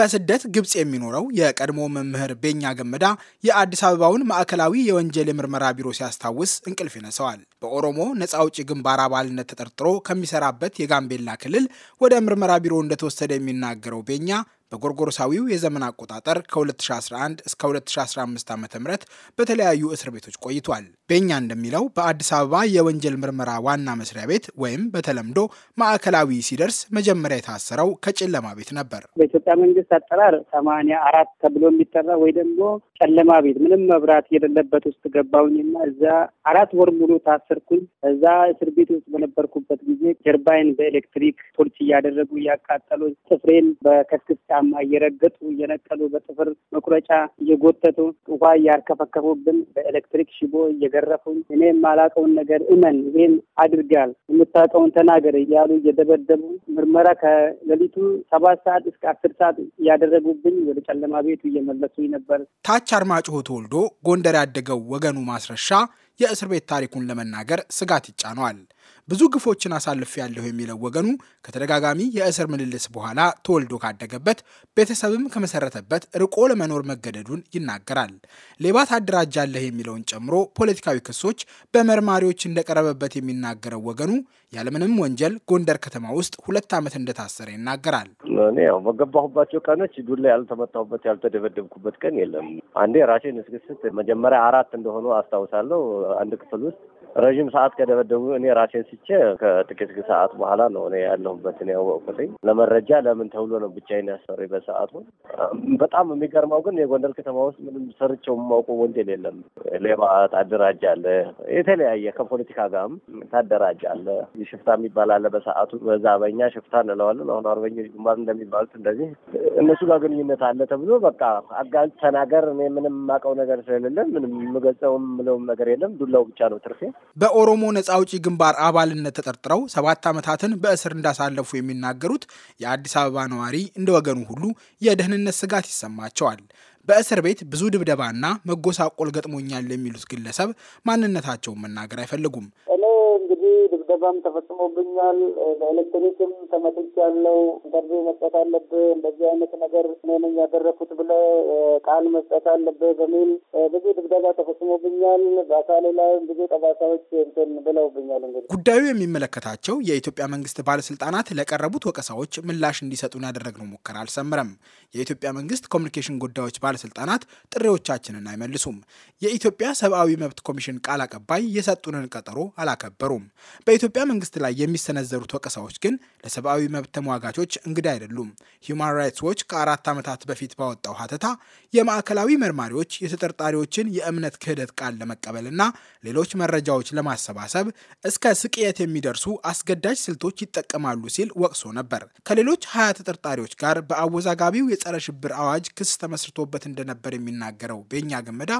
በስደት ግብፅ የሚኖረው የቀድሞ መምህር ቤኛ ገመዳ የአዲስ አበባውን ማዕከላዊ የወንጀል የምርመራ ቢሮ ሲያስታውስ እንቅልፍ ይነሰዋል። በኦሮሞ ነፃ አውጪ ግንባር አባልነት ተጠርጥሮ ከሚሰራበት የጋምቤላ ክልል ወደ ምርመራ ቢሮ እንደተወሰደ የሚናገረው ቤኛ በጎርጎሮሳዊው የዘመን አቆጣጠር ከ2011 እስከ 2015 ዓ ም በተለያዩ እስር ቤቶች ቆይቷል። በኛ እንደሚለው በአዲስ አበባ የወንጀል ምርመራ ዋና መስሪያ ቤት ወይም በተለምዶ ማዕከላዊ ሲደርስ መጀመሪያ የታሰረው ከጨለማ ቤት ነበር። በኢትዮጵያ መንግስት አጠራር ሰማንያ አራት ተብሎ የሚጠራ ወይ ደግሞ ጨለማ ቤት ምንም መብራት የሌለበት ውስጥ ገባውኝና እዛ አራት ወር ሙሉ ታሰርኩኝ። እዛ እስር ቤት ውስጥ በነበርኩበት ጊዜ ጀርባይን በኤሌክትሪክ ቶርች እያደረጉ እያቃጠሉ፣ ጥፍሬን በከስክስ ጫማ እየረገጡ እየነቀሉ፣ በጥፍር መቁረጫ እየጎተቱ፣ ውሃ እያርከፈከፉብን፣ በኤሌክትሪክ ሽቦ እየገ እየገረፉኝ እኔም ማላውቀውን ነገር እመን፣ ይሄን አድርጋል፣ የምታውቀውን ተናገር እያሉ እየደበደቡ ምርመራ ከሌሊቱ ሰባት ሰዓት እስከ አስር ሰዓት እያደረጉብኝ ወደ ጨለማ ቤቱ እየመለሱኝ ነበር። ታች አርማጭሆ ተወልዶ ጎንደር ያደገው ወገኑ ማስረሻ የእስር ቤት ታሪኩን ለመናገር ስጋት ይጫነዋል። ብዙ ግፎችን አሳልፍ ያለሁ የሚለው ወገኑ ከተደጋጋሚ የእስር ምልልስ በኋላ ተወልዶ ካደገበት ቤተሰብም ከመሰረተበት ርቆ ለመኖር መገደዱን ይናገራል። ሌባ ታደራጃለህ የሚለውን ጨምሮ ፖለቲካዊ ክሶች በመርማሪዎች እንደቀረበበት የሚናገረው ወገኑ ያለምንም ወንጀል ጎንደር ከተማ ውስጥ ሁለት ዓመት እንደታሰረ ይናገራል። እኔ ያው በገባሁባቸው ቀኖች ዱላ ያልተመታሁበት ያልተደበደብኩበት ቀን የለም። አንዴ ራሴን እስክስት መጀመሪያ አራት እንደሆኑ አስታውሳለሁ። አንድ ክፍል ውስጥ ረዥም ሰዓት ከደበደቡ እኔ ራሴን ስቼ ከጥቂት ሰዓት በኋላ ነው እኔ ያለሁበትን ያወቅኩትኝ። ለመረጃ ለምን ተብሎ ነው ብቻዬን ያሰሩኝ በሰዓቱ። በጣም የሚገርመው ግን የጎንደር ከተማ ውስጥ ምንም ሰርቼው የማውቀው ወንጀል የለም። ሌባ ታደራጃለህ፣ የተለያየ ከፖለቲካ ጋርም ታደራጃለህ። ሽፍታ የሚባል አለ በሰዓቱ። በዛ በኛ ሽፍታ እንለዋለን። አሁን አርበኞች ግንባር እንደሚባሉት እንደዚህ እነሱ ጋር ግንኙነት አለ ተብሎ በቃ አጋልጥ ተናገር። እኔ ምንም የማውቀው ነገር ስለሌለ ምንም የምገጸውም ምለውም ነገር የለም። ዱላው ብቻ ነው ትርፌ። በኦሮሞ ነጻ አውጪ ግንባር አባልነት ተጠርጥረው ሰባት ዓመታትን በእስር እንዳሳለፉ የሚናገሩት የአዲስ አበባ ነዋሪ እንደ ወገኑ ሁሉ የደህንነት ስጋት ይሰማቸዋል። በእስር ቤት ብዙ ድብደባና መጎሳቆል ገጥሞኛል የሚሉት ግለሰብ ማንነታቸውን መናገር አይፈልጉም። ድብደባም ተፈጽሞብኛል፣ በኤሌክትሪክም ተመትች ያለው ኢንተርቪው መስጠት አለብህ፣ እንደዚህ አይነት ነገር እኔ ነኝ ያደረኩት ብለህ ቃል መስጠት አለብህ በሚል ብዙ ድብደባ ተፈጽሞብኛል። በአካሌ ላይ ብዙ ጠባሳዎች እንትን ብለውብኛል። እንግዲህ ጉዳዩ የሚመለከታቸው የኢትዮጵያ መንግስት ባለስልጣናት ለቀረቡት ወቀሳዎች ምላሽ እንዲሰጡን ያደረግነው ሙከራ አልሰምረም። የኢትዮጵያ መንግስት ኮሚኒኬሽን ጉዳዮች ባለስልጣናት ጥሪዎቻችንን አይመልሱም። የኢትዮጵያ ሰብአዊ መብት ኮሚሽን ቃል አቀባይ የሰጡንን ቀጠሮ አላከበሩም። በኢትዮጵያ መንግስት ላይ የሚሰነዘሩት ወቀሳዎች ግን ለሰብአዊ መብት ተሟጋቾች እንግዳ አይደሉም። ሂውማን ራይትስ ዎች ከአራት ዓመታት በፊት ባወጣው ሀተታ የማዕከላዊ መርማሪዎች የተጠርጣሪዎችን የእምነት ክህደት ቃል ለመቀበልና ሌሎች መረጃዎች ለማሰባሰብ እስከ ስቅየት የሚደርሱ አስገዳጅ ስልቶች ይጠቀማሉ ሲል ወቅሶ ነበር። ከሌሎች ሀያ ተጠርጣሪዎች ጋር በአወዛጋቢው የጸረ ሽብር አዋጅ ክስ ተመስርቶበት እንደነበር የሚናገረው ቤኛ ገመዳ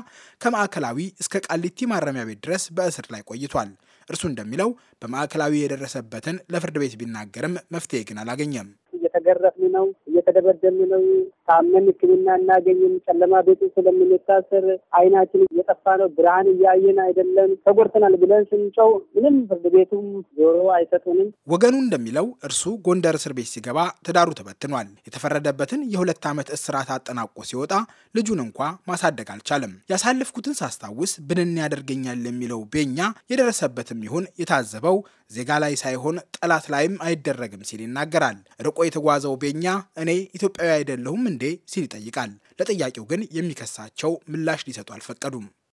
ከማዕከላዊ እስከ ቃሊቲ ማረሚያ ቤት ድረስ በእስር ላይ ቆይቷል። እርሱ እንደሚለው በማዕከላዊ የደረሰበትን ለፍርድ ቤት ቢናገርም መፍትሄ ግን አላገኘም። እየተገረፍን ነው፣ እየተደበደብ ነው። ታመን ሕክምና እናገኝም። ጨለማ ቤቱ ስለምንታሰር አይናችን እየጠፋ ነው። ብርሃን እያየን አይደለም። ተጎድተናል ብለን ስንጨው ምንም ፍርድ ቤቱም ጆሮ አይሰጡንም። ወገኑ እንደሚለው እርሱ ጎንደር እስር ቤት ሲገባ ትዳሩ ተበትኗል። የተፈረደበትን የሁለት ዓመት እስራት አጠናቆ ሲወጣ ልጁን እንኳ ማሳደግ አልቻለም። ያሳለፍኩትን ሳስታውስ ብንን ያደርገኛል የሚለው ቤኛ የደረሰበትም ይሁን የታዘበው ዜጋ ላይ ሳይሆን ጠላት ላይም አይደረግም ሲል ይናገራል። ርቆ የተጓዘው ቤኛ እኔ ኢትዮጵያዊ አይደለሁም እንዴ ሲል ይጠይቃል። ለጥያቄው ግን የሚከሳቸው ምላሽ ሊሰጡ አልፈቀዱም።